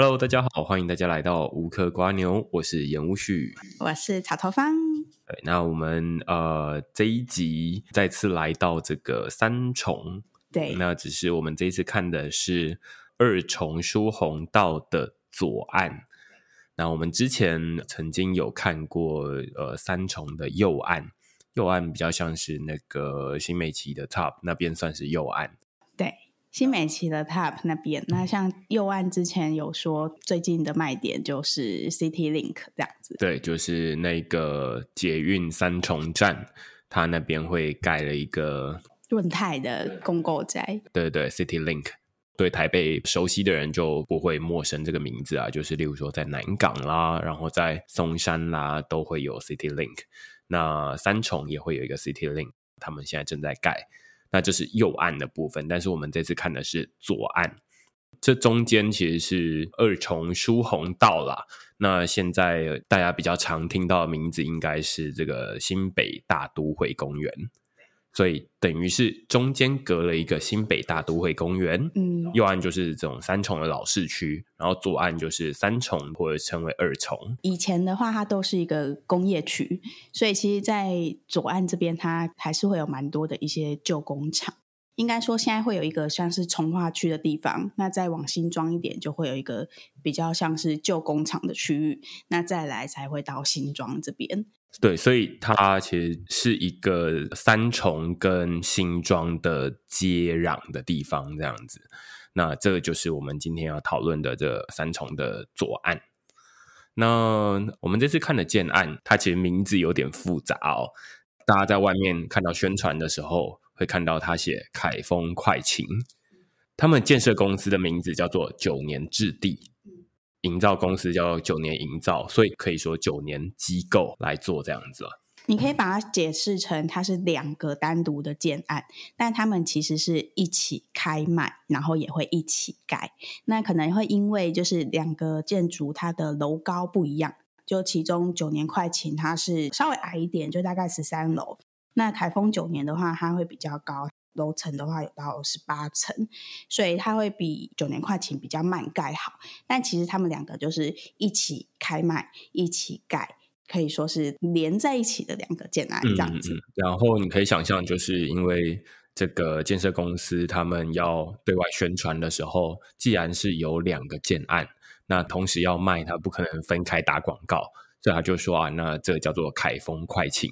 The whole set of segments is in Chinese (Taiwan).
Hello，大家好，歡迎大家來到無殼蝸牛，我是嚴烏旭，我是草頭方。對，那我們呃這一集再次來到這個三重，對，那只是我們這一次看的是二重疏洪道的左岸。那我們之前曾經有看過呃三重的右岸，右岸比較像是那個新美齊的 Top 那邊算是右岸，對。新美琦的 Tap 那邊，那像右岸之前有說，最近的賣點就是 City Link 這樣子。對，就是那個捷運三重站，它那邊會蓋了一個潤泰的公購宅。對對，City Link，對台北熟悉的人就不會陌生這個名字啊。就是例如說在南港啦，然後在松山啦，都會有 City Link。那三重也會有一個 City Link，他們現在正在蓋。那就是右岸的部分，但是我們這次看的是左岸，這中間其實是二重疏洪道啦，那現在大家比較常聽到的名字，應該是這個新北大都會公園。所以等於是中間隔了一個新北大都會公園，嗯，右岸就是這種三重的老市區，然後左岸就是三重或者稱為二重。以前的話，它都是一個工業區，所以其實，在左岸這邊，它還是會有蠻多的一些舊工廠。應該說，現在會有一個像是重劃區的地方，那再往新莊一點，就會有一個比較像是舊工廠的區域，那再來才會到新莊這邊。對，所以它其實是一個三重跟新莊的接壤的地方，這樣子。那這就是我們今天要討論的這三重的左岸。那我們這次看的建案，它其實名字有點複雜哦，大家在外面看到宣傳的時候，會看到他寫凱風快晴，他們建設公司的名字叫做久年置地，營造公司叫做久年營造，所以可以說久年機構來做這樣子。你可以把它解釋成它是兩個單獨的建案，但他們其實是一起開賣，然後也會一起蓋。那可能會因為就是兩個建築它的樓高不一樣，就其中久年快晴它是稍微矮一點，就大概十三樓。那凱風久年的話，它會比較高，樓層的話有到十八層，所以它會比久年快晴比較慢蓋好。但其實他們兩個就是一起開賣、一起蓋，可以說是連在一起的兩個建案這樣子。嗯嗯、然後你可以想象，就是因為這個建設公司他們要對外宣傳的時候，既然是有兩個建案，那同時要賣，它不可能分開打廣告。所以他就說啊，那這個叫做“凱風快晴”，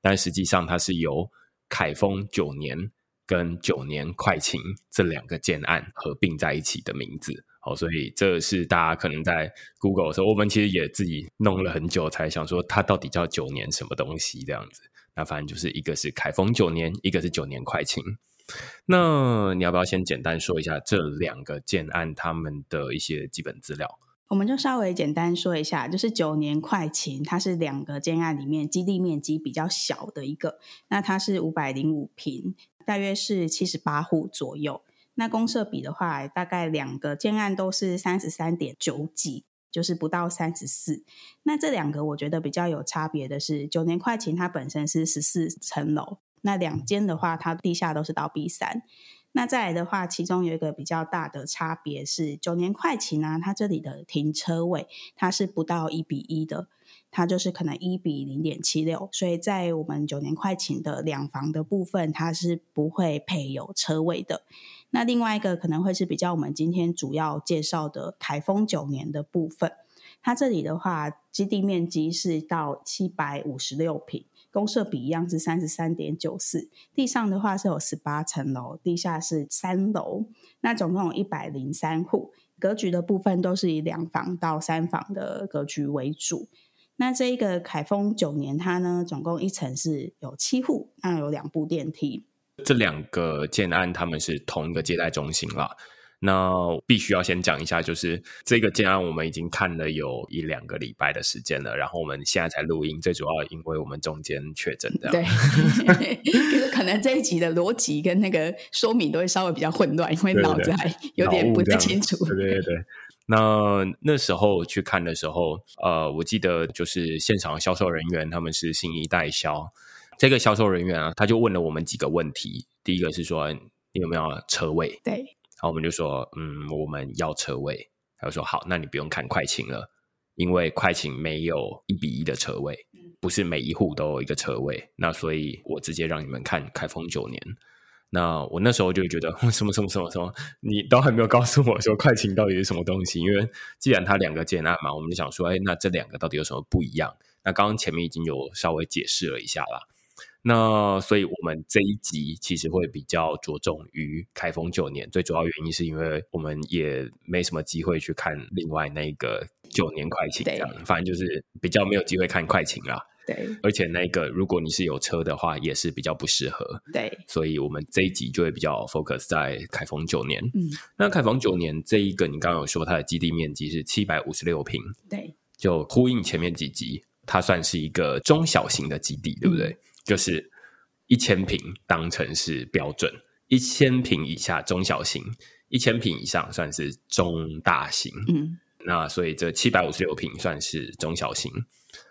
但實際上它是由“凱風久年”跟“久年快晴”這兩個建案合併在一起的名字。好，所以這是大家可能在 Google 的時候，我們其實也自己弄了很久，才想說它到底叫“久年”什麼東西這樣子。那反正就是一個是“凱風久年”，一個是“久年快晴”。那你要不要先簡單說一下這兩個建案他們的一些基本資料？我們就稍微簡單說一下，就是久年快晴，它是兩個建案裡面基地面積比較小的一個，那它是五百零五坪，大約是七十八戶左右。那公設比的話，大概兩個建案都是三十三點九幾，就是不到三十四。那這兩個我覺得比較有差別的是，久年快晴它本身是十四層樓，那兩間的話，它地下都是到 B 三。那再來的話，其中有一個比較大的差別是，久年快晴呢、啊，它這裡的停車位它是不到一比一的，它就是可能一比零點七六，所以在我們久年快晴的兩房的部分，它是不會配有車位的。那另外一個可能會是比較我們今天主要介紹的台豐久年的部分，它這裡的話，基地面積是到七百五十六坪。公社比一樣是三十三點九四，地上的話是有十八層樓，地下是三樓，那總共有一百零三戶，格局的部分都是以兩房到三房的格局為主。那這一個凱風久年，它呢總共一層是有七戶，那有兩部電梯。這兩個建案他們是同一個接待中心了。那我必須要先講一下，就是這個建案我們已經看了有一兩個禮拜的時間了，然後我們現在才錄音，最主要因為我們中間確診的，對， 可,可能這一集的邏輯跟那個說明都會稍微比較混亂，因為腦子還有點不太清楚。對對對,對對對。那那時候去看的時候，呃，我記得就是現場銷售人員他們是新一代銷，這個銷售人員啊，他就問了我們幾個問題，第一個是說你有沒有車位？對。然後我們就說，嗯，我們要車位。他就說好，那你不用看快晴了，因為快晴沒有一比一的車位，不是每一戶都有一個車位。那所以，我直接讓你們看凱風久年。那我那時候就覺得，什麼什麼什麼什麼，你都還沒有告訴我說快晴到底是什麼東西？因為既然它兩個建案嘛，我們就想說，哎，那這兩個到底有什麼不一樣？那剛剛前面已經有稍微解釋了一下了。那所以，我們這一集其實會比較着重於凱風久年，最主要原因是因為我們也沒什麼機會去看另外那個久年快晴，對，反正就是比較沒有機會看快晴啦。對，而且那個如果你是有車的話，也是比較不適合。對，所以我們這一集就會比較 focus 在凱風久年。嗯，那凱風久年這一個，你剛剛有說它的基地面積是七百五十六平，對，就呼應前面幾集，它算是一個中小型的基地，嗯、對不對？就是一千坪當成是標準，一千坪以下中小型，一千坪以上算是中大型。嗯，那所以這七百五十六坪算是中小型，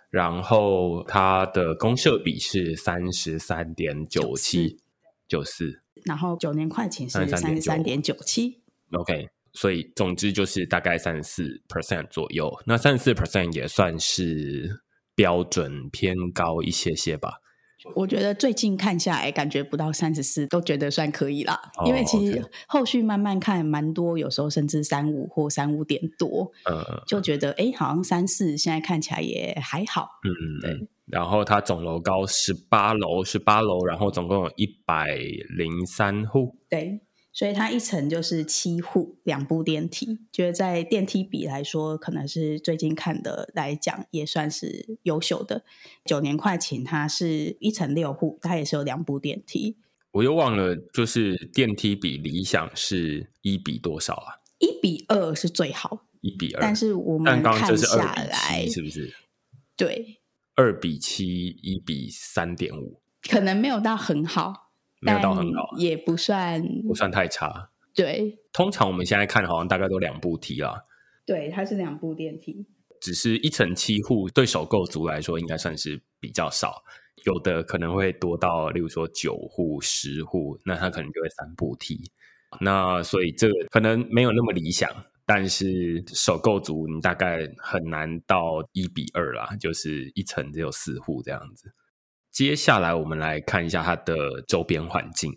然後它的公設比是三十三點九七九四，然後九年塊錢是三十三點九七。OK，所以總之就是大概三十四 percent 左右，那三十四 percent 也算是標準偏高一些些吧。我覺得最近看下來，感覺不到三十四都覺得算可以啦，哦、因為其實後續慢慢看蠻多，有時候甚至三五或三五點多，嗯、就覺得哎，好像三四現在看起來也還好，嗯，對嗯。然後它總樓高十八樓，十八樓，然後總共有一百零三戶，對。.所以它一層就是七戶，兩部電梯，就是在電梯比來說，可能是最近看的來講，也算是優秀的。久年快晴，它是一層六戶，它也是有兩部電梯。我又忘了，就是電梯比理想是一比多少啊？一比二是最好，一比二。但是我們看下來剛剛是，是不是？對，二比七，一比三點五，可能沒有到很好。沒有到很好，也不算不算太差。對，通常我們現在看好像大概都兩部梯了。對，它是兩部電梯，只是一層七戶，對首購族來說應該算是比較少。有的可能會多到，例如說九戶、十戶，那它可能就會三部梯。那所以這個可能沒有那麼理想，但是首購族你大概很難到一比二啦，就是一層只有四戶這樣子。接下來我們來看一下它的周邊環境，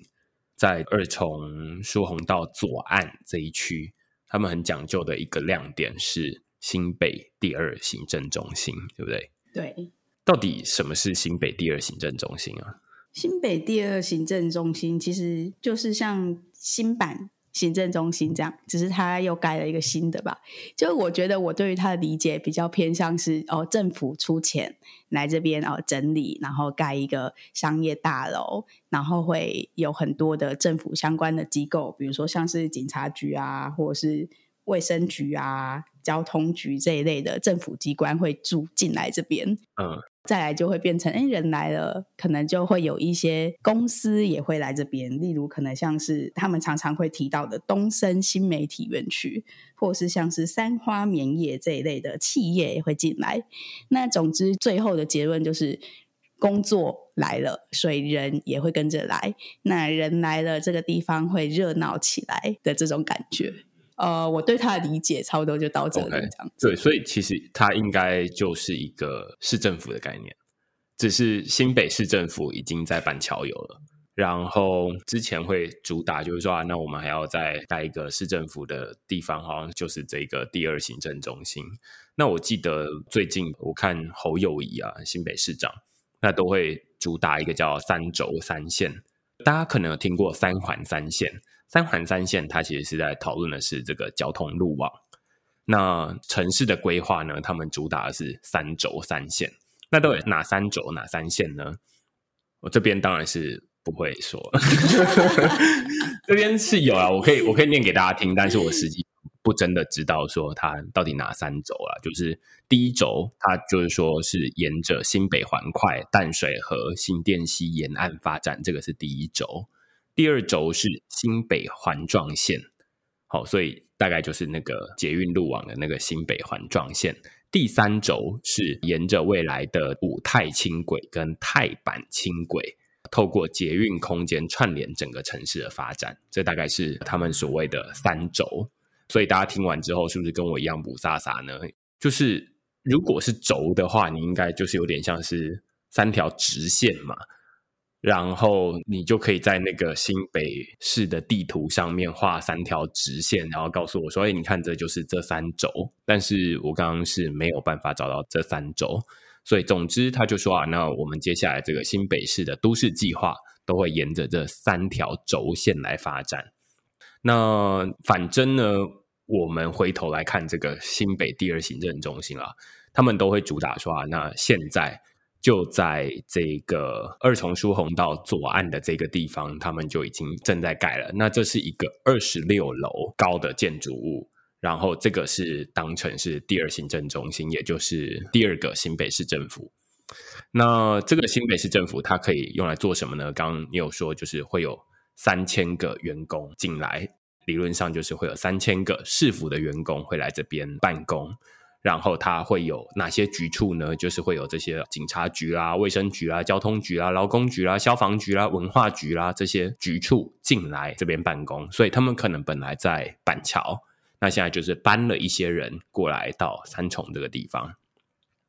在二重疏洪道左岸這一區，他們很講究的一個亮點是新北第二行政中心，對不對？對。到底什麼是新北第二行政中心啊？新北第二行政中心其實就是像新板，行政中心這樣，只是他又蓋了一個新的吧？就我覺得我對於他的理解比較偏向是哦，政府出錢來這邊哦整理，然後蓋一個商業大樓，然後會有很多的政府相關的機構，比如說像是警察局啊，或者是衛生局啊、交通局這一類的政府機關會住進來這邊。嗯。再來就會變成，哎、欸，人來了，可能就會有一些公司也會來這邊，例如可能像是他們常常會提到的東升新媒體園區，或是像是三花棉業這一類的企業也會進來。那總之，最後的結論就是，工作來了，所以人也會跟着來。那人來了，這個地方會熱鬧起來的這種感覺。呃，我對他的理解差不多就到這裡，這，這、okay, 對，所以其實它應該就是一個市政府的概念，只是新北市政府已經在板橋有了，然後之前會主打就是說、啊、那我們還要再蓋一個市政府的地方，好像就是這個第二行政中心。那我記得最近我看侯友宜啊，新北市長，那都會主打一個叫三軸三線，大家可能有聽過三環三線。三環三線，它其實是在討論的是這個交通路網。那城市的規劃呢？他們主打的是三軸三線。那到底哪三軸哪三線呢？我這邊當然是不會說。 這邊是有啊，我可以我可以念給大家聽，但是我實際不真的知道說它到底哪三軸啊。就是第一軸，它就是說是沿着新北環快淡水河新店溪沿岸發展，這個是第一軸。第二軸是新北環狀線，好，所以大概就是那個捷運路網的那個新北環狀線。第三軸是沿着未來的五泰輕軌跟泰板輕軌，透過捷運空間串聯整個城市的發展。這大概是他們所謂的三軸。所以大家聽完之後，是不是跟我一樣霧煞煞呢？就是如果是軸的話，你應該就是有點像是三條直線嘛。然後你就可以在那個新北市的地圖上面畫三條直線，然後告訴我說，哎，你看這就是這三軸。但是我剛剛是沒有辦法找到這三軸，所以總之他就說啊，那我們接下來這個新北市的都市計劃都會沿着這三條軸線來發展。那反正呢，我們回頭來看這個新北第二行政中心啊，他們都會主打說啊，那現在。就在這個二重疏洪道左岸的這個地方，他們就已經正在蓋了。那這是一個二十六樓高的建築物，然後這個是當成是第二行政中心，也就是第二個新北市政府。那這個新北市政府它可以用來做什麼呢？剛剛你有說就是會有三千個員工進來，理論上就是會有三千個市府的員工會來這邊辦公。然後它會有哪些局處呢？就是會有這些警察局啊，衛生局啊，交通局啊，勞工局啊，消防局啊，文化局啊，這些局處進來這邊辦公。所以他們可能本來在板橋，那現在就是搬了一些人過來到三重這個地方。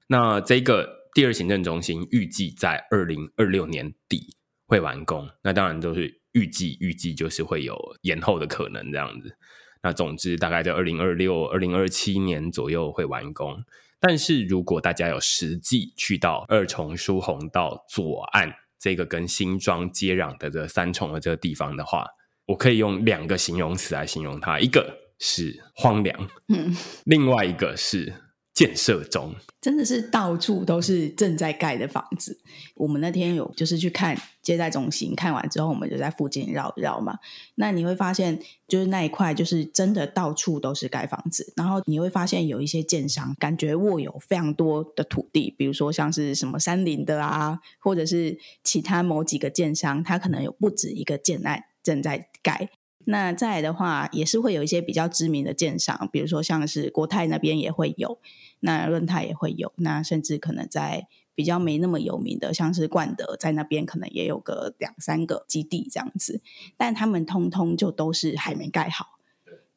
那這個第二行政中心預計在二零二六年底會完工，那當然就是預計，預計就是會有延後的可能這樣子。那總之，大概在二零二六、二零二七年左右會完工。但是如果大家有實際去到二重疏洪道左岸這個跟新莊接壤的這三重的這個地方的話，我可以用兩個形容詞來形容它：一個是荒涼，嗯、另外一個是建設中，真的是到處都是正在蓋的房子。我們那天有就是去看接待中心，看完之後我們就在附近繞一繞嘛。那你會發現，就是那一塊，就是真的到處都是蓋房子。然後你會發現有一些建商，感覺握有非常多的土地，比如說像是什麼山林的啊，或者是其他某幾個建商，他可能有不止一個建案正在蓋。那再來的話，也是會有一些比較知名的建商，比如說像是國泰那邊也會有。那潤泰也會有，那甚至可能在比較沒那麼有名的，像是冠德，在那邊可能也有個兩三個基地這樣子，但他們通通就都是還沒蓋好，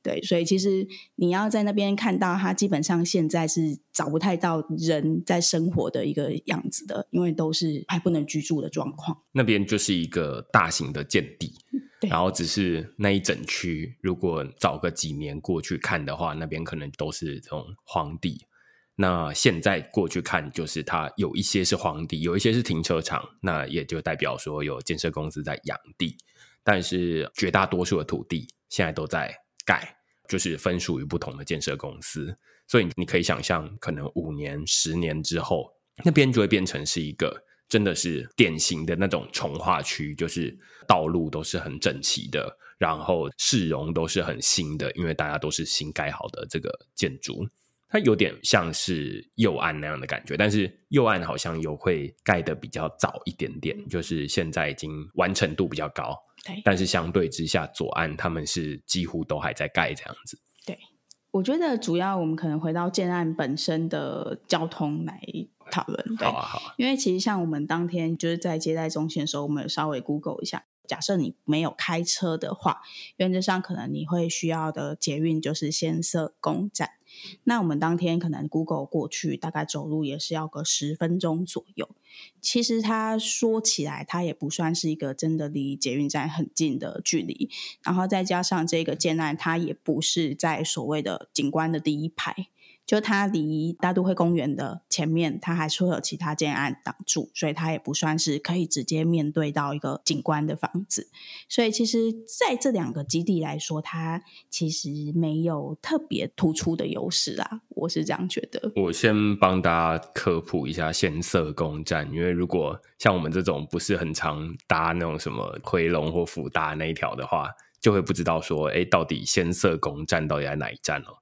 對，所以其實你要在那邊看到，它基本上現在是找不太到人在生活的一個樣子的，因為都是還不能居住的狀況。那邊就是一個大型的建地，對然後只是那一整區，如果早個幾年過去看的話，那邊可能都是這種荒地。那現在過去看，就是它有一些是荒地，有一些是停車場，那也就代表說有建設公司在養地。但是絕大多數的土地現在都在蓋，就是分屬於不同的建設公司。所以你可以想象，可能五年、十年之後，那邊就會變成是一個真的是典型的那種重劃區，就是道路都是很整齊的，然後市容都是很新的，因為大家都是新蓋好的這個建築。它有點像是右岸那樣的感覺，但是右岸好像又會蓋得比較早一點點，就是現在已經完成度比較高。對，但是相對之下，左岸他們是幾乎都還在蓋這樣子。對，我覺得主要我們可能回到建案本身的交通來討論。對，好，啊好啊，因為其實像我們當天就是在接待中心的時候，我們有稍微 Google 一下，假設你沒有開車的話，原則上可能你會需要的捷運就是先嗇宮站。那我們當天可能 Google 過去，大概走路也是要個十分鐘左右。其實它說起來，它也不算是一個真的離捷運站很近的距離。然後再加上這個建案，它也不是在所謂的景觀的第一排。就它離大都會公園的前面，它還是會有其他建案擋住，所以它也不算是可以直接面對到一個景觀的房子。所以其實在這兩個基地來說，它其實沒有特別突出的優勢啦，我是這樣覺得。我先幫大家科普一下先嗇宮站，因為如果像我們這種不是很常搭那種什麼迴龍或輔大那一條的話，就會不知道說，哎，到底先嗇宮站到底在哪一站哦。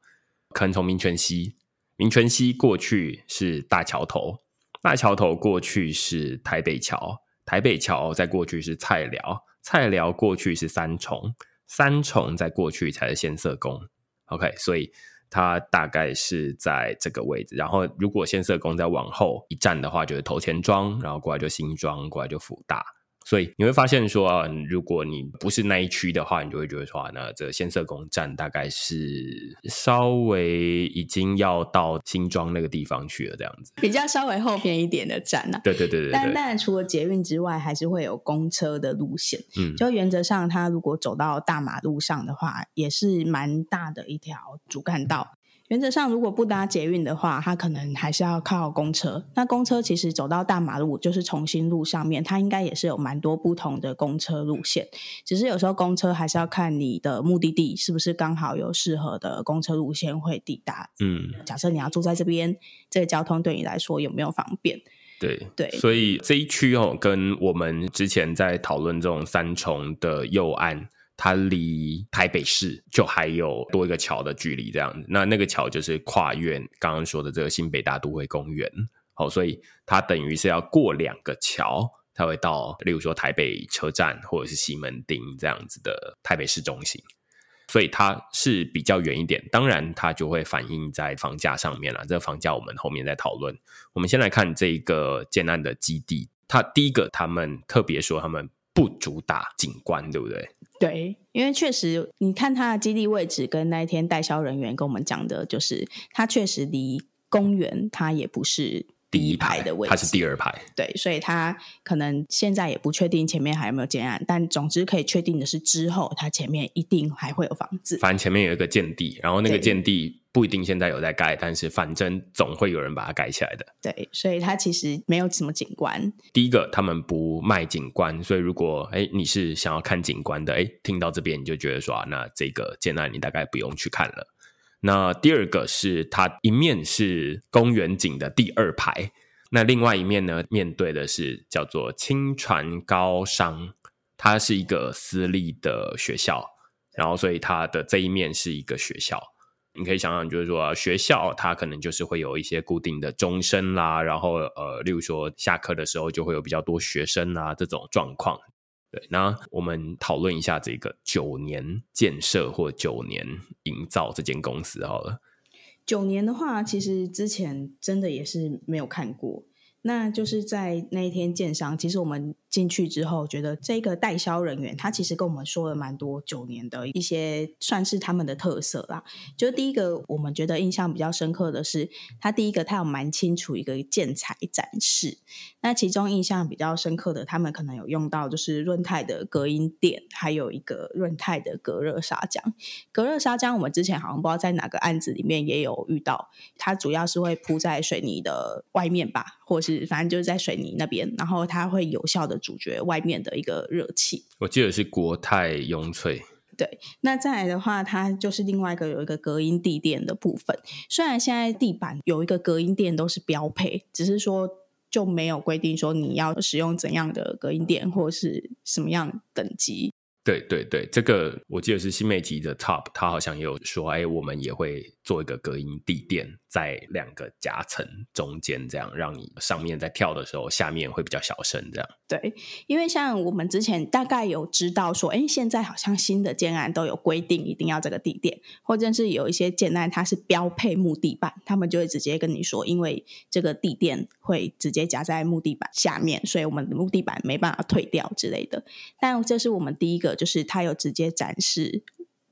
可能從民權西，民權西過去是大橋頭，大橋頭過去是台北橋，台北橋再過去是菜寮，菜寮過去是三重，三重再過去才是先嗇宮。OK，所以它大概是在這個位置。然後如果先嗇宮再往後一站的話，就是頭前莊，然後過來就新莊，過來就輔大。所以你會發現說啊，如果你不是那一區的話，你就會覺得說啊，那這先嗇宮站大概是稍微已經要到新莊那個地方去了，這樣子比較稍微後邊一點的站啊。 對，對對對對，當然除了捷運之外，還是會有公車的路線。嗯，就原則上，它如果走到大馬路上的話，也是蠻大的一條主幹道。嗯原則上，如果不搭捷運的話，它可能還是要靠公車。那公車其實走到大馬路，就是重新路上面，它應該也是有蠻多不同的公車路線。只是有時候公車還是要看你的目的地是不是剛好有適合的公車路線會抵達。嗯，假設你要住在這邊，這個交通對你來說有沒有方便？對對，對所以這一區哦，跟我們之前在討論這種三重的右岸。它離台北市就還有多一個橋的距離，這樣子。那那個橋就是跨越剛剛說的這個新北大都會公園，好，所以它等於是要過兩個橋才會到，例如說台北車站或者是西門町這樣子的台北市中心。所以它是比較遠一點，當然它就會反映在房價上面了。這個房價我們後面再討論。我們先來看這一個建案的基地。它第一個，他們特別說他們不主打景觀，對不對？對，因為確實，你看它的基地位置跟那一天代銷人員跟我們講的，就是它確實離公園，它也不是。第一排的位置，他是第二排。對，所以他可能現在也不確定前面還有沒有建案，但總之可以確定的是，之後他前面一定還會有房子。反正前面有一個建地，然後那個建地不一定現在有在蓋，對但是反正總會有人把它蓋起來的。對，所以它其實沒有什麼景觀。第一個，他們不賣景觀，所以如果哎你是想要看景觀的，哎聽到這邊你就覺得說啊，那這個建案你大概不用去看了。那第二個是它，一面是公園景的第二排，那另外一面呢，面對的是叫做清傳高商，它是一個私立的學校，然後所以它的這一面是一個學校，你可以想想就是說，學校它可能就是會有一些固定的鐘聲啦，然後呃例如說下課的時候就會有比較多學生啊這種狀況。對，那我們討論一下這個久年建設或久年營造這間公司好了。久年的話，其實之前真的也是沒有看過，那就是在那一天建商，其實我們。進去之後，覺得這個代銷人員他其實跟我們說了蠻多久年的一些算是他們的特色啦。就第一個，我們覺得印象比較深刻的是，他第一個他有蠻清楚一個建材展示。那其中印象比較深刻的，他們可能有用到就是潤泰的隔音墊，還有一個潤泰的隔熱砂漿。隔熱砂漿我們之前好像不知道在哪個案子裡面也有遇到，它主要是會鋪在水泥的外面吧，或是反正就是在水泥那邊，然後它會有效的。主角外面的一個熱氣，我記得是國泰雍翠。對，那再來的話，它就是另外一個有一個隔音地墊的部分。雖然現在地板有一個隔音墊都是標配，只是說就沒有規定說你要使用怎樣的隔音墊，或是什麼樣等級。對對對，這個我記得是新美吉的 Top，他好像也有說，哎，我們也會。做一個隔音地墊，在兩個夾層中間，這樣讓你上面在跳的時候，下面會比較小聲。這樣對，因為像我們之前大概有知道說，哎，現在好像新的建案都有規定一定要這個地墊，或者是有一些建案它是標配木地板，他們就會直接跟你說，因為這個地墊會直接夾在木地板下面，所以我們的木地板沒辦法退掉之類的。但這是我們第一個，就是它有直接展示。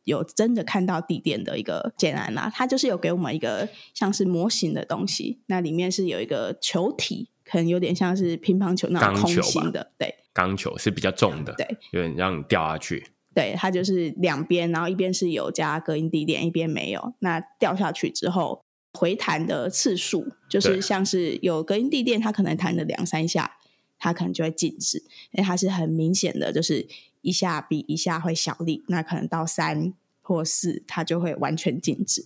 有真的看到地墊的一個簡單啦，啊，它就是有給我們一個像是模型的東西，那裡面是有一個球體，可能有點像是乒乓球那種空心的球。對，鋼球是比較重的，對，有點讓你掉下去。對，它就是兩邊，然後一邊是有加隔音地墊，一邊沒有。那掉下去之後，回彈的次數就是像是有隔音地墊，它可能彈了兩三下，它可能就會靜止，因為它是很明顯的，就是。一下比一下會小力，那可能到三或四，它就會完全靜止。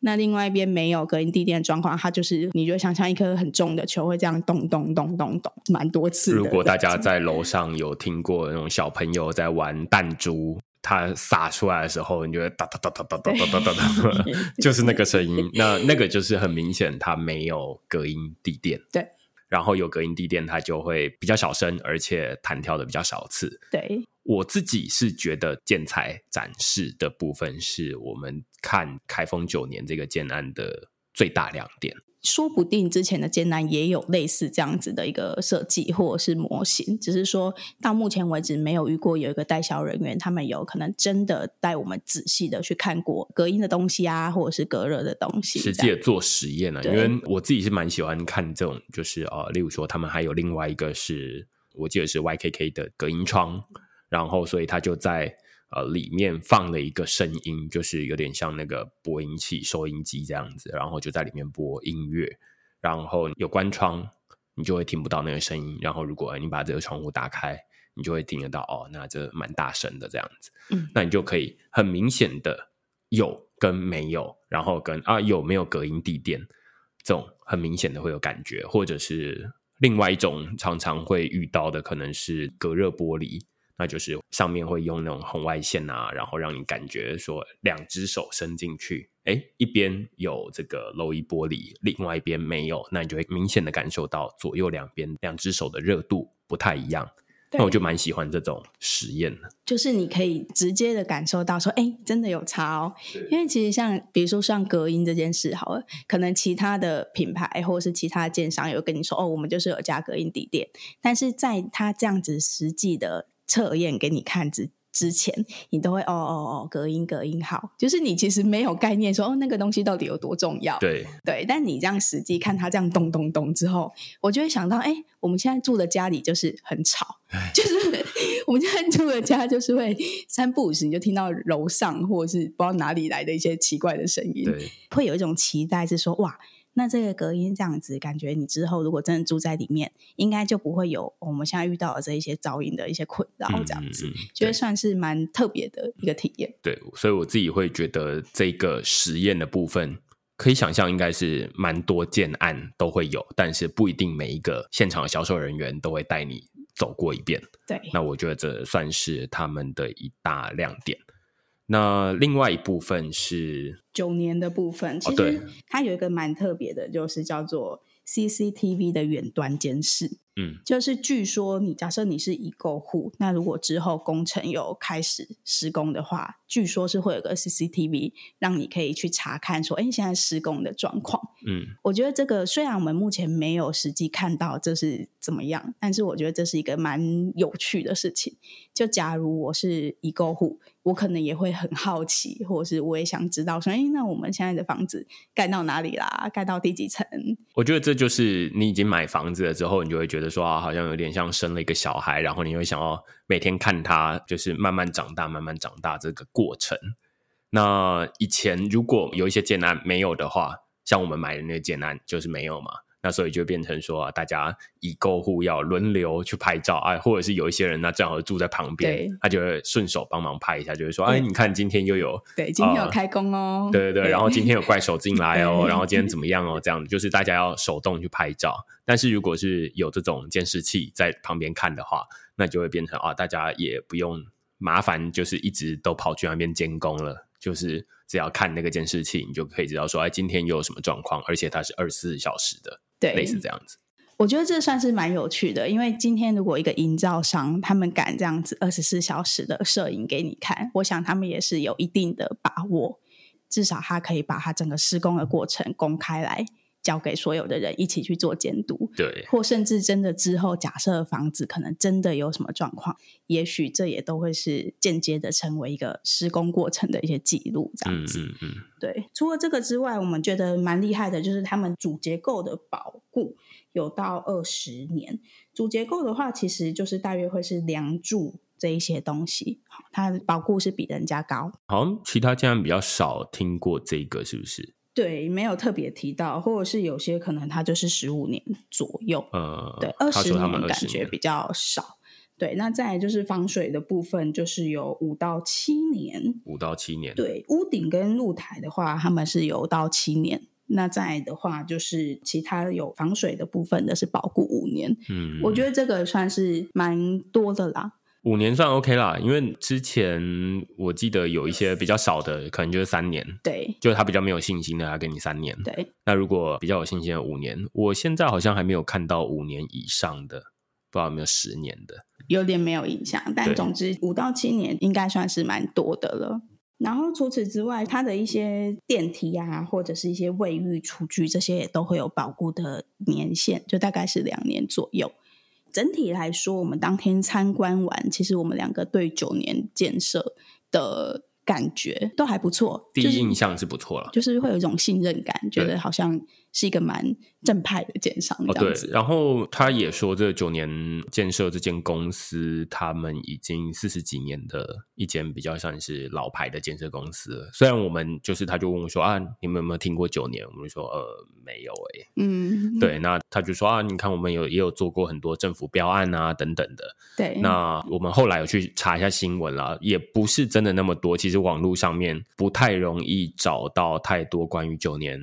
那另外一邊沒有隔音地墊的狀況，它就是你就想象一顆很重的球會這樣咚咚咚咚咚，蠻多次。如果大家在樓上有聽過那種小朋友在玩彈珠，它撒出來的時候，你就會噠噠噠噠噠噠噠噠噠噠，就是那個聲音。那那個就是很明顯，它沒有隔音地墊。對，然後有隔音地墊，它就會比較小聲，而且彈跳的比較少次。對。我自己是覺得建材展示的部分是我們看凱風久年這個建案的最大亮點。說不定之前的建案也有類似這樣子的一個設計或者是模型，只是說到目前為止沒有遇過有一個代銷人員，他們有可能真的帶我們仔細的去看過隔音的東西啊，或者是隔熱的東西，實際做實驗啊，因為我自己是蠻喜歡看這種，就是啊、呃，例如說他們還有另外一個是，我記得是 YKK 的隔音窗。然後，所以他就在呃裡面放了一個聲音，就是有點像那個播音器、收音機這樣子。然後就在裡面播音樂。然後有關窗，你就會聽不到那個聲音。然後如果你把這個窗戶打開，你就會聽得到。哦，那這蠻大聲的這樣子。嗯。那你就可以很明顯的有跟沒有，然後跟啊有沒有隔音地墊，這種很明顯的會有感覺。或者是另外一種常常會遇到的，可能是隔熱玻璃。那就是上面會用那種紅外線啊，然後讓你感覺說兩隻手伸進去，哎，一邊有這個 Low-E 玻璃，另外一邊沒有，那你就會明顯的感受到左右兩邊兩隻手的熱度不太一樣。對那我就蠻喜歡這種實驗的，就是你可以直接的感受到說，哎，真的有差哦。對因為其實像比如說像隔音這件事好了，可能其他的品牌或者是其他建商有跟你說哦，我們就是有加隔音底墊，但是在它這樣子實際的。測驗給你看之前，你都會哦哦哦，隔音隔音好，就是你其實沒有概念說哦，那個東西到底有多重要，對對。但你這樣實際看它這樣咚咚咚之後，我就會想到，哎，我們現在住的家裡就是很吵， 就是我們現在住的家就是會三不五時你就聽到樓上或者是不知道哪裡來的一些奇怪的聲音，對，會有一種期待是說哇。那這個隔音這樣子，感覺你之後如果真的住在裡面，應該就不會有我們現在遇到的這一些噪音的一些困擾，這樣子，就會、嗯、算是蠻特別的一個體驗。對，所以我自己會覺得這個實驗的部分，可以想象應該是蠻多建案都會有，但是不一定每一個現場的銷售人員都會帶你走過一遍。對，那我覺得這算是他們的一大亮點。那另外一部分是久年的部分，哦對，它有一個蠻特別的，就是叫做 CCTV 的遠端監視，嗯，就是據說你假設你是已購戶，那如果之後工程有開始施工的話，據說是會有個 CCTV 讓你可以去查看說，說哎，現在施工的狀況，嗯，我覺得這個雖然我們目前沒有實際看到這是怎麼樣，但是我覺得這是一個蠻有趣的事情。就假如我是已購戶。我可能也會很好奇，或者是我也想知道，說，誒，那我們現在的房子蓋到哪裡啦？蓋到第幾層？我覺得這就是你已經買房子了之後，你就會覺得說，啊，好像有點像生了一個小孩，然後你會想要每天看他，就是慢慢長大，慢慢長大這個過程。那以前如果有一些建案，沒有的話，像我們買的那個建案，就是沒有嘛。那所以就變成說、啊，大家已購戶要輪流去拍照、啊，或者是有一些人、啊，那正好住在旁邊，對他就會順手幫忙拍一下，就是說，嗯、哎，你看今天又有對，啊、今天有開工哦，對對對，對，然後今天有怪手進來哦，對 然後今天怎麼樣哦，這樣子，就是大家要手動去拍照，但是如果是有這種監視器在旁邊看的話，那就會變成啊，大家也不用麻煩，就是一直都跑去那邊監工了，就是只要看那個監視器，你就可以知道說，哎，今天又有什麼狀況，而且它是二十四小時的。類似對這樣子，我覺得這算是蠻有趣的。因為今天如果一個營造商他們敢這樣子二十四小時的攝影給你看，我想他們也是有一定的把握，至少他可以把他整個施工的過程公開來。交給所有的人一起去做監督，對，或甚至真的之後，假設房子可能真的有什麼狀況，也許這也都會是間接的成為一個施工過程的一些記錄，這樣子。嗯，嗯，嗯對。除了這個之外，我們覺得蠻厲害的，就是他們主結構的保固有到二十年。主結構的話，其實就是大約會是梁柱這一些東西，好，它的保固是比人家高。好，其他家比較少聽過這個，是不是？對，沒有特別提到，或者是有些可能它就是十五年左右。嗯、呃，對，二十年感覺比較少。他他對，那再來就是防水的部分，就是有五到七年。五到七年，對，屋頂跟露台的話，他們是有到七年。那再來的話，就是其他有防水的部分的是保固五年。嗯，我覺得這個算是蠻多的啦。五年算 OK 啦，因為之前我記得有一些比較少的，可能就是三年。對，就是他比較沒有信心的，他給你三年。對，那如果比較有信心的五年，我現在好像還沒有看到五年以上的，不知道有沒有十年的，有點沒有印象。但總之五到七年應該算是蠻多的了。對然後除此之外，它的一些電梯啊，或者是一些衛浴廚具這些也都會有保固的年限，就大概是兩年左右。整體來說，我們當天參觀完，其實我們兩個對久年建設的感覺都還不錯，第一印象是不錯了，就是會有一種信任感，嗯、覺得好像。是一個蠻正派的建商的樣子。哦對，然後他也說，這久年建設這間公司，他們已經四十幾年的一間比較像是老牌的建設公司了。雖然我們就是，他就問我說啊，你們有沒有聽過久年。我們說呃，沒有哎、欸。嗯，對，那他就說啊，你看我們有也有做過很多政府標案啊等等的。對，那我們後來有去查一下新聞啦，也不是真的那麼多。其實網絡上面不太容易找到太多關於久年。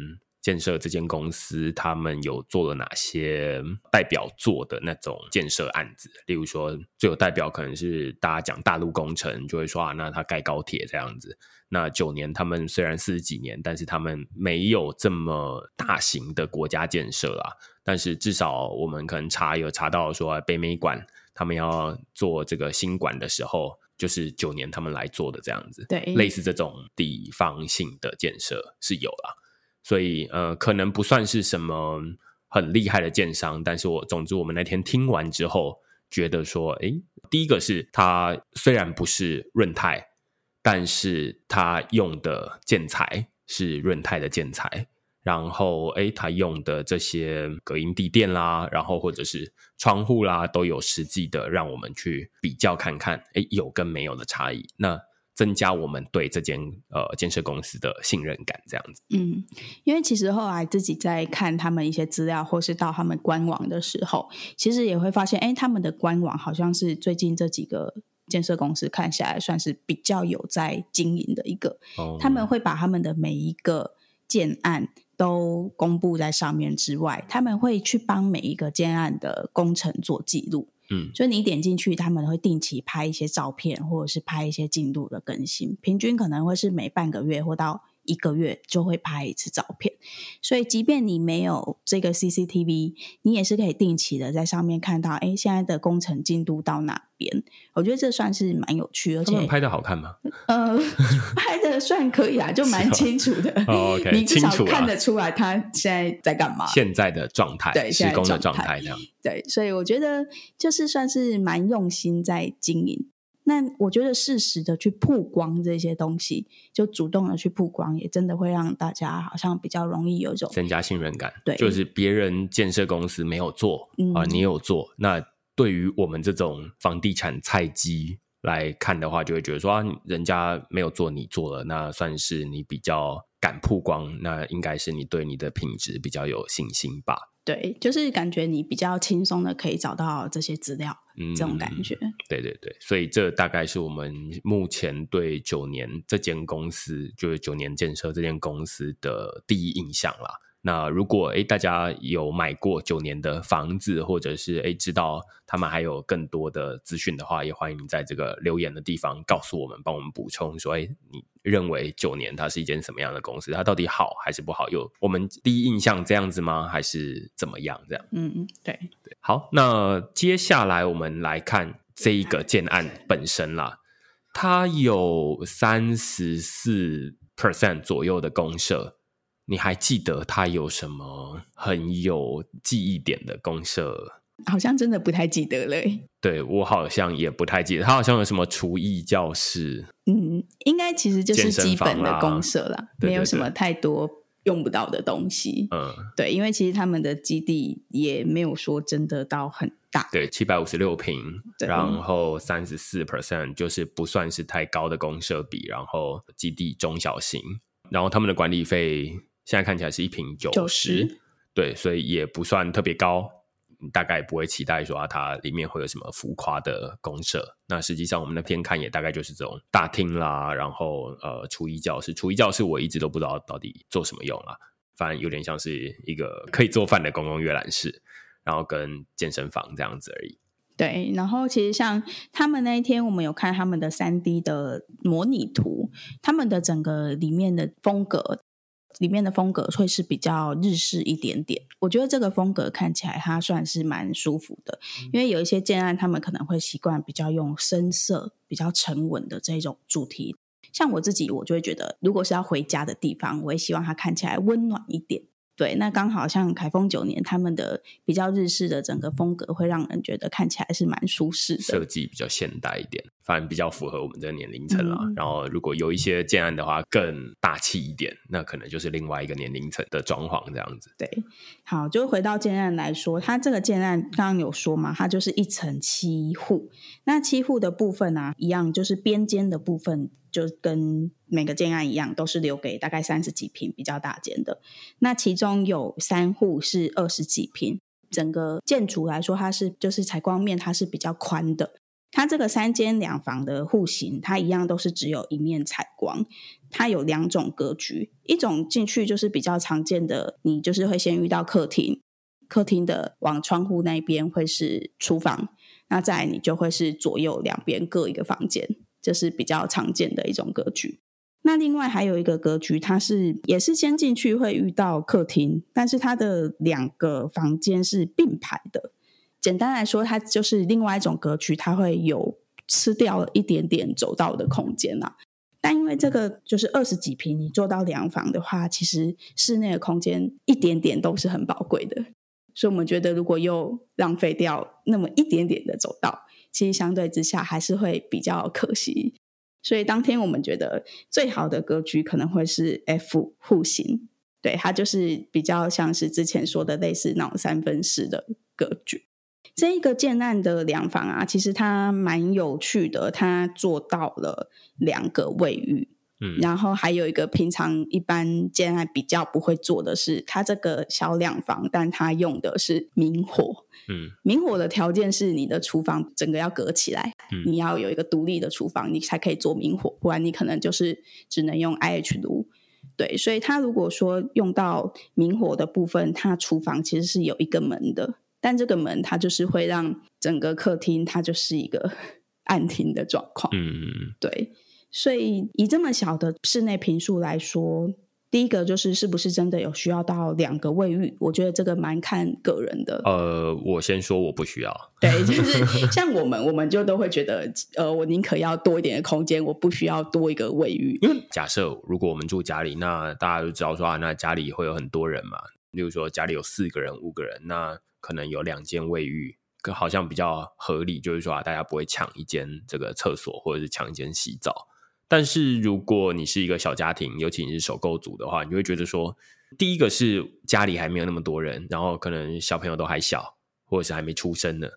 建設這間公司，他們有做了哪些代表作的那種建設案子？例如說，最有代表可能是大家講大陸工程，就會說啊，那他蓋高鐵這樣子。那久年，他們雖然四十幾年，但是他們沒有這麼大型的國家建設啊。但是至少我們可能查有查到說，北美館他們要做這個新館的時候，就是久年他們來做的這樣子。對，類似這種地方性的建設是有啦。所以，呃，可能不算是什麼很厲害的建商，但是我總之，我們那天聽完之後，覺得說，誒，第一個是它雖然不是潤泰，但是它用的建材是潤泰的建材，然後，誒它用的這些隔音地墊啦，然後或者是窗戶啦，都有實際的讓我們去比較看看，誒，有跟沒有的差異，那。增加我們對這間呃建設公司的信任感，這樣子。嗯，因為其實後來自己在看他們一些資料，或是到他們官網的時候，其實也會發現，哎、欸，他們的官網好像是最近這幾個建設公司看下來算是比較有在經營的一個。哦、他們會把他們的每一個建案都公佈在上面之外，他們會去幫每一個建案的工程做記錄。嗯，所以你點進去，他們會定期拍一些照片，或者是拍一些進度的更新，平均可能會是每半個月或到一個月就會拍一次照片，所以即便你沒有這個 CCTV，你也是可以定期的在上面看到，哎、欸，現在的工程進度到哪邊？我覺得這算是蠻有趣，而且他們拍的好看嗎？呃， 拍的算可以啊，就蠻清楚的。 哦、okay, 你至少看得出來他現在在幹嘛現在？現在的狀態，對施工的狀態那樣。對，所以我覺得就是算是蠻用心在經營。那我覺得適時的去曝光這些東西，就主動的去曝光，也真的會讓大家好像比較容易有一種增加信任感。對，就是別人建設公司沒有做、嗯、啊，你有做。那對於我們這種房地產菜雞來看的話，就會覺得說啊，人家沒有做，你做了，那算是你比較敢曝光，那應該是你對你的品質比較有信心吧。對，就是感覺你比較輕鬆的可以找到這些資料，嗯、這種感覺。對對對，所以這大概是我們目前對久年這間公司，就是久年建設這間公司的第一印象啦。那如果哎，大家有買過久年的房子，或者是哎知道他們還有更多的資訊的話，也歡迎在這個留言的地方告訴我們，幫我們補充說，哎，你認為久年它是一間什麼樣的公司？它到底好還是不好？有我們第一印象這樣子嗎？還是怎麼樣？這樣，嗯嗯，對對。好，那接下來我們來看這一個建案本身啦，它有三十四 percent 左右的公設。你還記得他有什麼很有記憶點的公設？好像真的不太記得了、欸。對，我好像也不太記得，他好像有什麼廚藝教室。嗯，應該其實就是基本的公設了，健身房啦對對對沒有什麼太多用不到的東西。嗯，對，因為其實他們的基地也沒有說真的到很大，對，七百五十六坪，對然後三十四 percent 就是不算是太高的公設比，然後基地中小型，然後他們的管理費。現在看起來是一坪九九十，對，所以也不算特別高，大概不會期待說啊，它裡面會有什麼浮誇的公設。那實際上我們那邊看也大概就是這種大廳啦，然後呃，廚藝教室，廚藝教室我一直都不知道到底做什麼用啊，反正有點像是一個可以做飯的公共閱覽室，然後跟健身房這樣子而已。對，然後其實像他們那一天，我們有看他們的三 D 的模擬圖，他們的整個裡面的風格。裡面的風格會是比較日式一點點，我覺得這個風格看起來它算是蠻舒服的，因為有一些建案他們可能會習慣比較用深色、比較沉穩的這種主題。像我自己，我就會覺得，如果是要回家的地方，我也希望它看起來溫暖一點。對，那剛好像凱風久年他們的比較日式的整個風格，會讓人覺得看起來是蠻舒適的，設計比較現代一點。反正比較符合我們這個年齡層了。然後，如果有一些建案的話，更大氣一點，那可能就是另外一個年齡層的裝潢這樣子、嗯。對，好，就回到建案來說，它這個建案剛剛有說嘛，它就是一層七戶。那七戶的部分呢、啊，一樣就是邊間的部分，就跟每個建案一樣，都是留給大概三十幾坪比較大間的。那其中有三戶是二十幾坪，整個建築來說，它是就是採光面，它是比較寬的。它這個三間兩房的戶型，它一樣都是只有一面採光。它有兩種格局，一種進去就是比較常見的，你就是會先遇到客廳，客廳的往窗戶那邊會是廚房，那再來你就會是左右兩邊各一個房間，這是比較常見的一種格局。那另外還有一個格局，它是也是先進去會遇到客廳，但是它的兩個房間是並排的。簡單來說，它就是另外一種格局，它會有吃掉了一點點走道的空間啊，但因為這個就是二十幾坪，你做到兩房的話，其實室內的空間一點點都是很寶貴的。所以我們覺得，如果又浪費掉那麼一點點的走道，其實相對之下還是會比較可惜。所以當天我們覺得最好的格局可能會是 F 戶型，對，它就是比較像是之前說的類似那種三分式的格局。這一個建案的兩房啊，其實它蠻有趣的，它做到了兩個衛浴，嗯，然後還有一個平常一般建案比較不會做的是，它這個小兩房，但它用的是明火，嗯，明火的條件是你的廚房整個要隔起來，嗯，你要有一個獨立的廚房，你才可以做明火，不然你可能就是只能用 IH 爐，對，所以它如果說用到明火的部分，它廚房其實是有一個門的。但這個門它就是會讓整個客廳它就是一個暗廳的狀況，嗯，對。所以以這麼小的室內坪數來說，第一個就是是不是真的有需要到兩個衛浴？我覺得這個蠻看個人的。呃，我先說我不需要，對，就是像我們， 我們就都會覺得，呃，我寧可要多一點的空間，我不需要多一個衛浴。假設如果我們住家裡，那大家都知道說啊，那家裡會有很多人嘛，例如說家裡有四個人、五個人，那可能有兩間衛浴，可好像比較合理，就是說啊，大家不會搶一間這個廁所，或者是搶一間洗澡。但是如果你是一個小家庭，尤其你是首購族的話，你就會覺得說，第一個是家裡還沒有那麼多人，然後可能小朋友都還小，或者是還沒出生呢，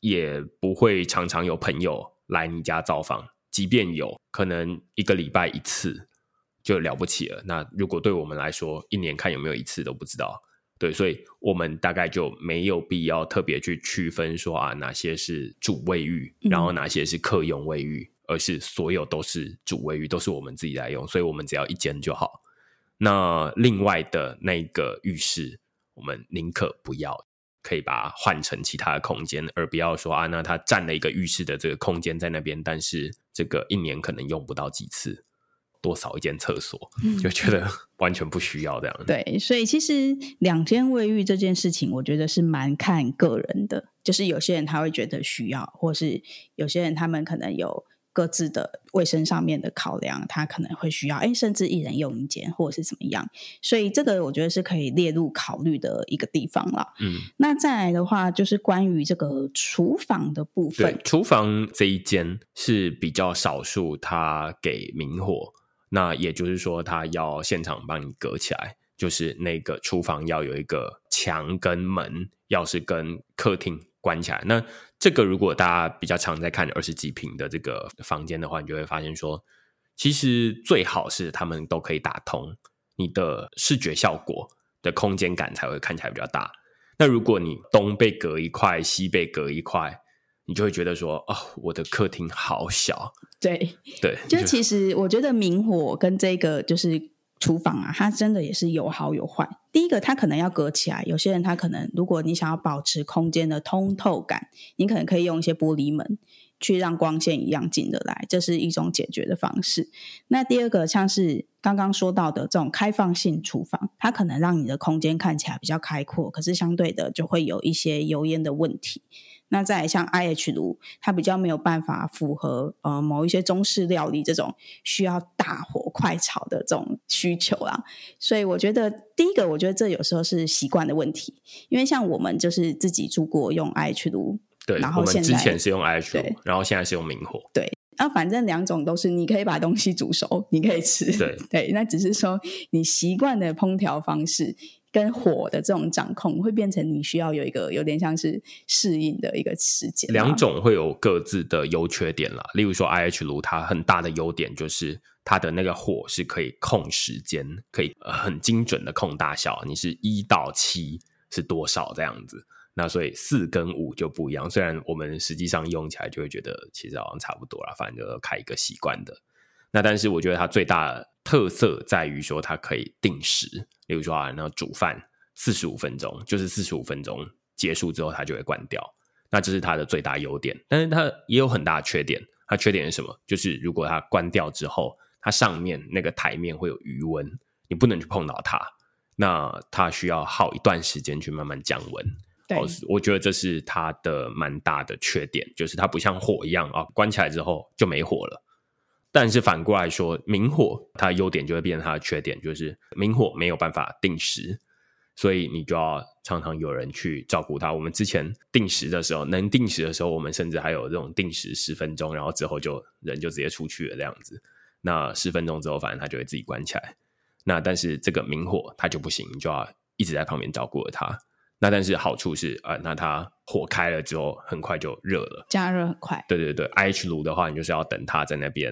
也不會常常有朋友來你家造訪。即便有，可能一個禮拜一次就了不起了。那如果對我們來說，一年看有沒有一次都不知道。對，所以我們大概就沒有必要特別去區分說啊，哪些是主衛浴，然後哪些是客用衛浴，而是所有都是主衛浴，都是我們自己來用，所以我們只要一間就好。那另外的那個浴室，我們寧可不要，可以把它換成其他的空間，而不要說啊，那它佔了一個浴室的這個空間在那邊，但是這個一年可能用不到幾次。多少一間廁所就覺得完全不需要這樣。嗯、對，所以其實兩間衛浴這件事情，我覺得是蠻看個人的。就是有些人他會覺得需要，或是有些人他們可能有各自的衛生上面的考量，他可能會需要。哎、欸，甚至一人用一間，或者是怎麼樣。所以這個我覺得是可以列入考慮的一個地方了。嗯，那再來的話，就是關於這個廚房的部分。廚房這一間是比較少數，他給明火。那也就是說，他要現場幫你隔起來，就是那個廚房要有一個牆跟門，要是跟客廳關起來。那這個如果大家比較常在看二十幾坪的這個房間的話，你就會發現說，其實最好是他們都可以打通，你的視覺效果的空間感才會看起來比較大。那如果你東被隔一塊，西被隔一塊，你就會覺得說，哦，我的客廳好小。對對，對就,就其實我覺得明火跟這個就是廚房啊，它真的也是有好有壞。第一個，它可能要隔起來，有些人他可能如果你想要保持空間的通透感，嗯，你可能可以用一些玻璃門。去讓光線一樣進得來，這是一種解決的方式。那第二個像是剛剛說到的這種開放性廚房，它可能讓你的空間看起來比較開闊，可是相對的就會有一些油煙的問題。那再來像 IH 爐，它比較沒有辦法符合呃某一些中式料理這種需要大火快炒的這種需求啊。所以我覺得第一個，我覺得這有時候是習慣的問題，因為像我們就是自己住過用 IH 爐。對，然後我們之前是用 IH 爐，對然後現在是用明火。對，那反正兩種都是，你可以把東西煮熟，你可以吃。對，對，那只是說你習慣的烹調方式跟火的這種掌控，會變成你需要有一個有點像是適應的一個時間。兩種會有各自的優缺點啦，例如說 IH 爐，它很大的優點就是它的那個火是可以控時間，可以很精準的控大小。你是一到七是多少這樣子？那所以四跟五就不一樣，雖然我們實際上用起來就會覺得其實好像差不多了，反正就開一個習慣的。那但是我覺得它最大的特色在於說它可以定時，例如說啊，那個、煮飯四十五分鐘，就是四十五分鐘結束之後它就會關掉，那這是它的最大優點。但是它也有很大的缺點，它缺點是什麼？就是如果它關掉之後，它上面那個台面會有餘溫，你不能去碰到它，那它需要耗一段時間去慢慢降溫。對哦，我覺得這是它的蠻大的缺點，就是它不像火一樣啊，關起來之後就沒火了。但是反過來說，明火它的優點就會變成它的缺點，就是明火沒有辦法定時，所以你就要常常有人去照顧它。我們之前定時的時候，能定時的時候，我們甚至還有這種定時十分鐘，然後之後就人就直接出去了這樣子。那十分鐘之後，反正它就會自己關起來。那但是這個明火它就不行，你就要一直在旁邊照顧着它。那但是好處是啊，呃，那它火開了之後很快就熱了，加熱很快。對對對，IH 爐的話，你就是要等它在那邊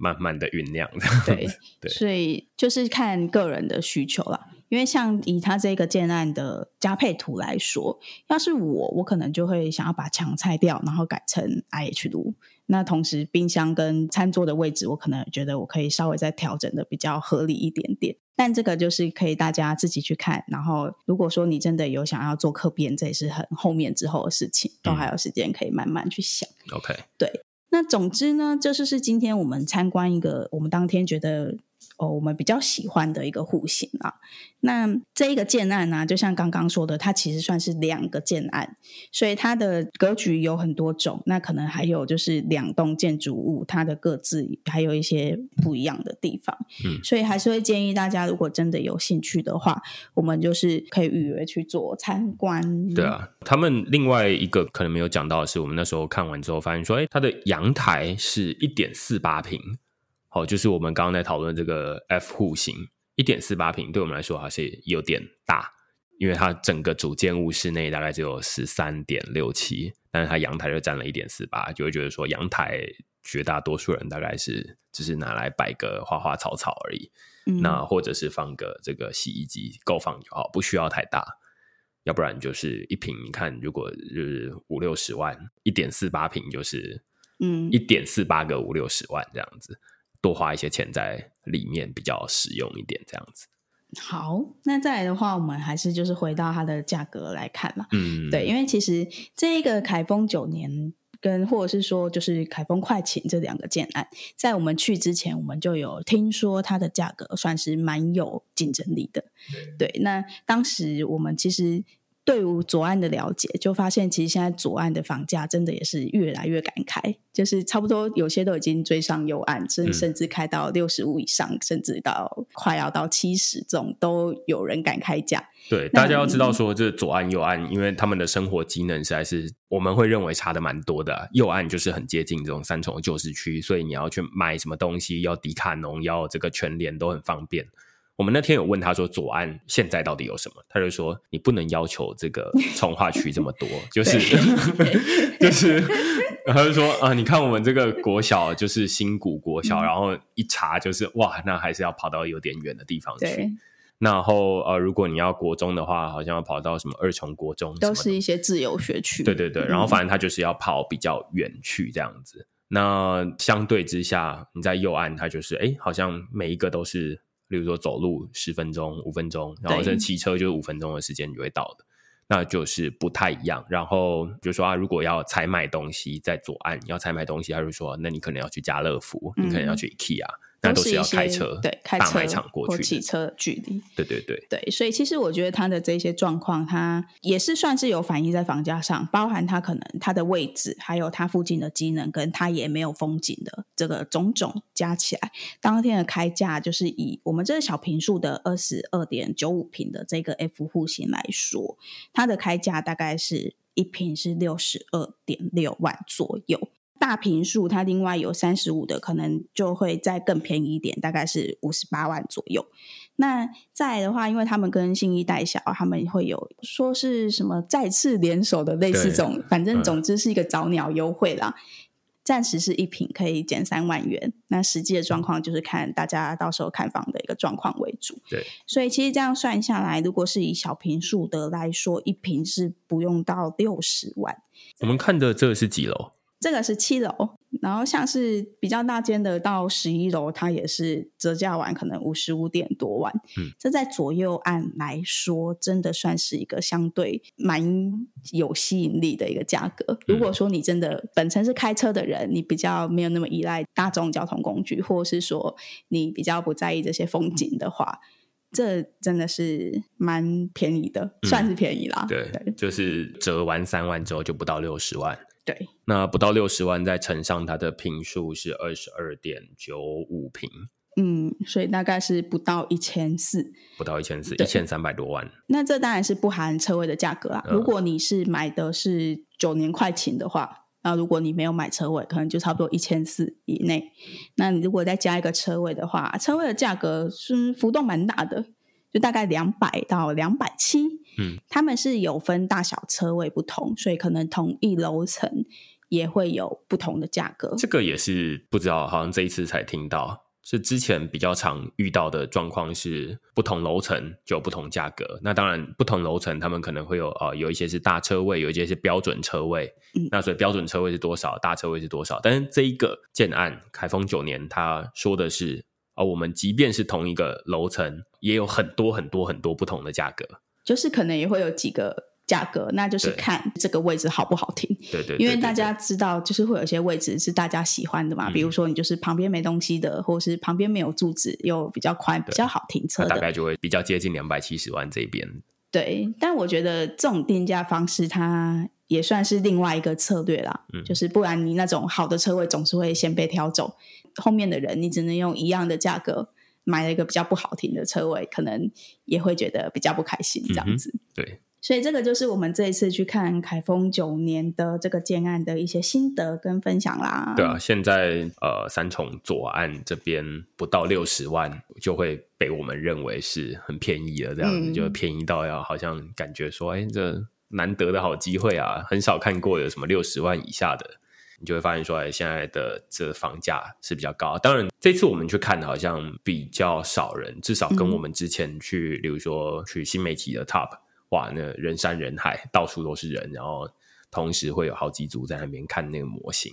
慢慢的醞釀。對對， 對，所以就是看個人的需求了。因為像以他這個建案的加配圖來說，要是我，我可能就會想要把牆拆掉，然後改成 IH 爐。那同時，冰箱跟餐桌的位置，我可能覺得我可以稍微再調整的比較合理一點點。但這個就是可以大家自己去看，然後如果說你真的有想要做客變，這也是很後面之後的事情，嗯、都還有時間可以慢慢去想。OK，對，那總之呢，就是是今天我們參觀一個，我們當天覺得。哦，我們比較喜歡的一個戶型啊，那這一個建案呢、啊，就像剛剛說的，它其實算是兩個建案，所以它的格局有很多種。那可能還有就是兩棟建築物，它的各自還有一些不一樣的地方。嗯，所以還是會建議大家，如果真的有興趣的話，我們就是可以預約去做參觀。嗯、對啊，他們另外一個可能沒有講到的是，我們那時候看完之後發現說，誒，它的陽台是一點四八平。好，就是我們剛剛在討論這個 F 戶型，一點四八平，對我們來說還是有點大，因為它整個主建物室內大概只有十三點六七，但是它陽台就占了一點四八，就會覺得說陽台絕大多數人大概是只、就是拿來擺個花花草草而已，嗯、那或者是放個這個洗衣機夠放就好，不需要太大，要不然就是一平，你看如果就是五六十萬，一點四八平就是一點、嗯，一點四八個五六十萬這樣子。多花一些錢在裡面比較實用一點，這樣子。好，那再來的話，我們還是就是回到它的價格來看嘛。嗯，對，因為其實這個凱風久年跟或者是說就是凱風快晴這兩個建案，在我們去之前，我們就有聽說它的價格算是蠻有競爭力的。嗯、對，那當時我們其實。對於左岸的了解，就發現其實現在左岸的房價真的也是越來越敢開，就是差不多有些都已經追上右岸，甚甚至開到六十五以上，嗯、甚至到快要到七十，種都有人敢開價。對，那大家要知道說，這、嗯、左岸右岸，因為他們的生活機能實在是我們會認為差的蠻多的。右岸就是很接近這種三重舊市區，所以你要去買什麼東西，要迪卡儂，要這個全聯，都很方便。我們那天有問他說：“左岸現在到底有什麼？”他就說：“你不能要求這個重劃區這麼多， 就是 就是。”他就說：“啊，你看我們這個國小就是新谷國小，然後一查就是哇，那還是要跑到有點遠的地方去對。然後呃，如果你要國中的話，好像要跑到什麼二重國中，都是一些自由學區。 對對對，然後反正他就是要跑比較遠去這樣子。那相對之下，你在右岸，他就是哎，好像每一個都是。”比如說走路十分鐘、五分鐘，然後甚至騎車就是五分鐘的時間你就會到的，對那就是不太一樣。然後就說啊，如果要採買東西在左岸，你要採買東西，他就說、啊，那你可能要去家樂福，你可能要去 IKEA、嗯。都是，一些那都是要開車，對，開車過去或騎車距離。對對對。對，所以其實我覺得它的這些狀況，它也是算是有反映在房價上，包含它可能它的位置，還有它附近的機能，跟它也沒有風景的這個種種加起來，當天的開價就是以我們這個小坪數的二十二點九五坪的這個 F 戶型來說，它的開價大概是一坪是六十二點六萬左右。大坪數，它另外有三十五的，可能就會再更便宜一點，大概是五十八萬左右。那再來的話，因為他們跟新一代小，他們會有說是什麼再次聯手的類似種，對反正總之是一個早鳥優惠啦。嗯、暫時是一坪可以減三萬元，那實際的狀況就是看大家到時候看房的一個狀況為主。對，所以其實這樣算下來，如果是以小坪數的來說，一坪是不用到六十萬。我們看的這個是幾樓？這個是七樓，然後像是比較大間的到十一樓，它也是折價完可能五十五點多萬。嗯，這在左右岸來說，真的算是一個相對蠻有吸引力的一個價格。嗯、如果說你真的本身是開車的人，你比較沒有那麼依賴大眾交通工具，或者是說你比較不在意這些風景的話，這真的是蠻便宜的，算是便宜啦。嗯、對，就是折完三萬之後就不到六十萬。對，那不到六十萬再乘上它的坪數是二十二點九五坪，嗯，所以大概是不到一千四，不到一千四，一千三百多萬。那這當然是不含車位的價格啊。嗯、如果你是買的是久年快晴的話，那如果你沒有買車位，可能就差不多一千四以內。嗯、那你如果再加一個車位的話，車位的價格是浮動蠻大的。就大概兩百到兩百七，嗯，他們是有分大小車位不同，所以可能同一樓層也會有不同的價格。這個也是不知道，好像這一次才聽到，是之前比較常遇到的狀況是不同樓層就有不同價格。那當然，不同樓層他們可能會有啊、呃，有一些是大車位，有一些是標準車位。嗯、那所以標準車位是多少，大車位是多少？但是這一個建案凱風久年，他說的是。而、哦、我們即便是同一個樓層，也有很多很多很多不同的價格，就是可能也會有幾個價格，那就是看這個位置好不好停。對對、對，因為大家知道，就是會有一些位置是大家喜歡的嘛，嗯、比如說你就是旁邊沒東西的，或者是旁邊沒有柱子又比較寬、比較好停車的，大概就會比較接近兩百七十萬這邊。對，但我覺得這種定價方式，它也算是另外一個策略啦。嗯、就是不然你那種好的車位總是會先被挑走。後面的人，你只能用一樣的價格買了一個比較不好停的車位，可能也會覺得比較不開心，這樣子。嗯、對，所以這個就是我們這一次去看凱風久年的這個建案的一些心得跟分享啦。對啊，現在呃，三重左岸這邊不到六十萬就會被我們認為是很便宜的，這樣子、嗯、就便宜到要好像感覺說，哎、欸，這難得的好機會啊，很少看過有什麼六十萬以下的。你就會發現說，哎，現在的這房價是比較高。當然，這次我們去看，好像比較少人，至少跟我們之前去，比如說去新媒體的 Top，哇，那人山人海，到處都是人，然後同時會有好幾組在那邊看那個模型。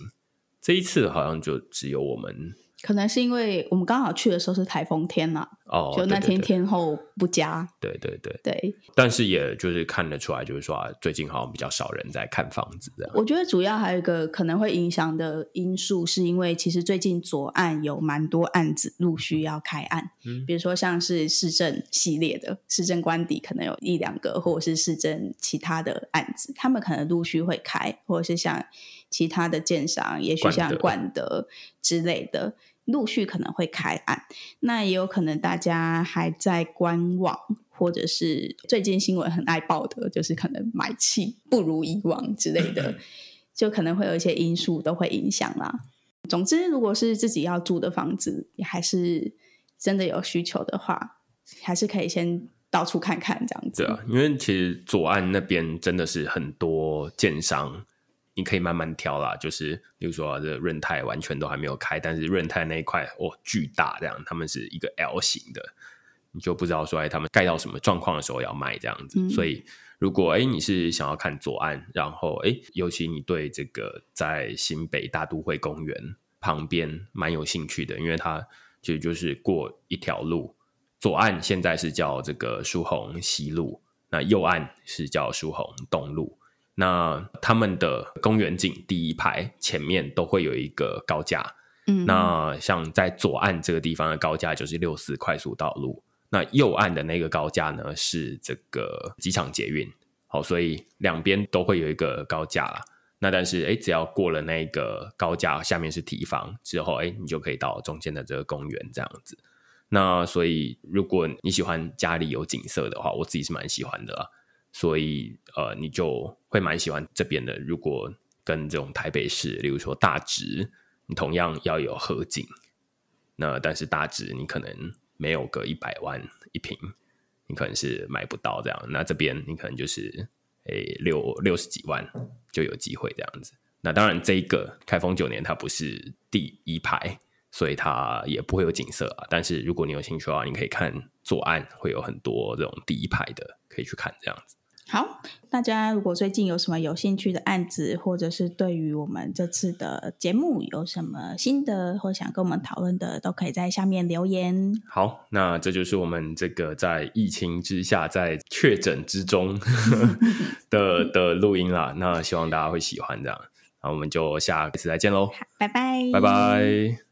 這一次好像就只有我們。可能是因為我們剛好去的時候是颱風天嘛、啊，哦，就那天天候不佳、哦，對對對。但是也就是看得出來，就是說、啊、最近好像比較少人在看房子這樣。我覺得主要還有一個可能會影響的因素，是因為其實最近左岸有蠻多案子陸續要開案，嗯，嗯，比如說像是市政系列的市政官邸，可能有一兩個，或者是市政其他的案子，他們可能陸續會開，或者是像其他的建商，也許像冠德之類的。冠德。陸續可能會開案，那也有可能大家還在觀望，或者是最近新聞很愛報的，就是可能買氣不如以往之類的，就可能會有一些因素都會影響啦。總之，如果是自己要住的房子，還是真的有需求的話，還是可以先到處看看這樣子。對啊，因為其實左岸那邊真的是很多建商。你可以慢慢挑啦，就是比如說、啊、這個、潤泰完全都還沒有開，但是潤泰那一塊哦巨大，這樣他們是一個 L 型的，你就不知道說哎他們蓋到什麼狀況的時候要賣這樣子。嗯、所以如果哎你是想要看左岸，然後哎尤其你對這個在新北大都會公園旁邊蠻有興趣的，因為它其實就是過一條路，左岸現在是叫這個疏洪西路，那右岸是叫疏洪東路。那他們的公園景第一排前面都會有一個高架，嗯，嗯，那像在左岸這個地方的高架就是六四快速道路，那右岸的那個高架呢是這個機場捷運，好，所以兩邊都會有一個高架，那但是哎、欸，只要過了那個高架，下面是堤防之後，哎、欸，你就可以到中間的這個公園這樣子。那所以如果你喜歡家裡有景色的話，我自己是蠻喜歡的啦，所以。呃，你就會蠻喜歡這邊的。如果跟這種台北市，例如說大直，你同樣要有河景，那但是大直你可能沒有個一百萬一平，你可能是買不到這樣。那這邊你可能就是誒六六十幾萬就有機會這樣子。那當然這個凱風久年它不是第一排，所以它也不會有景色啊。但是如果你有興趣的話，你可以看左岸會有很多這種第一排的，可以去看這樣子。好，大家如果最近有什麼有興趣的案子，或者是對於我們這次的節目有什麼新的或想跟我們討論的，都可以在下面留言。好，那這就是我們這個在疫情之下在確診之中的 的，的錄音啦。那希望大家會喜歡這樣，那我們就下一次再見嘍，拜拜，拜拜。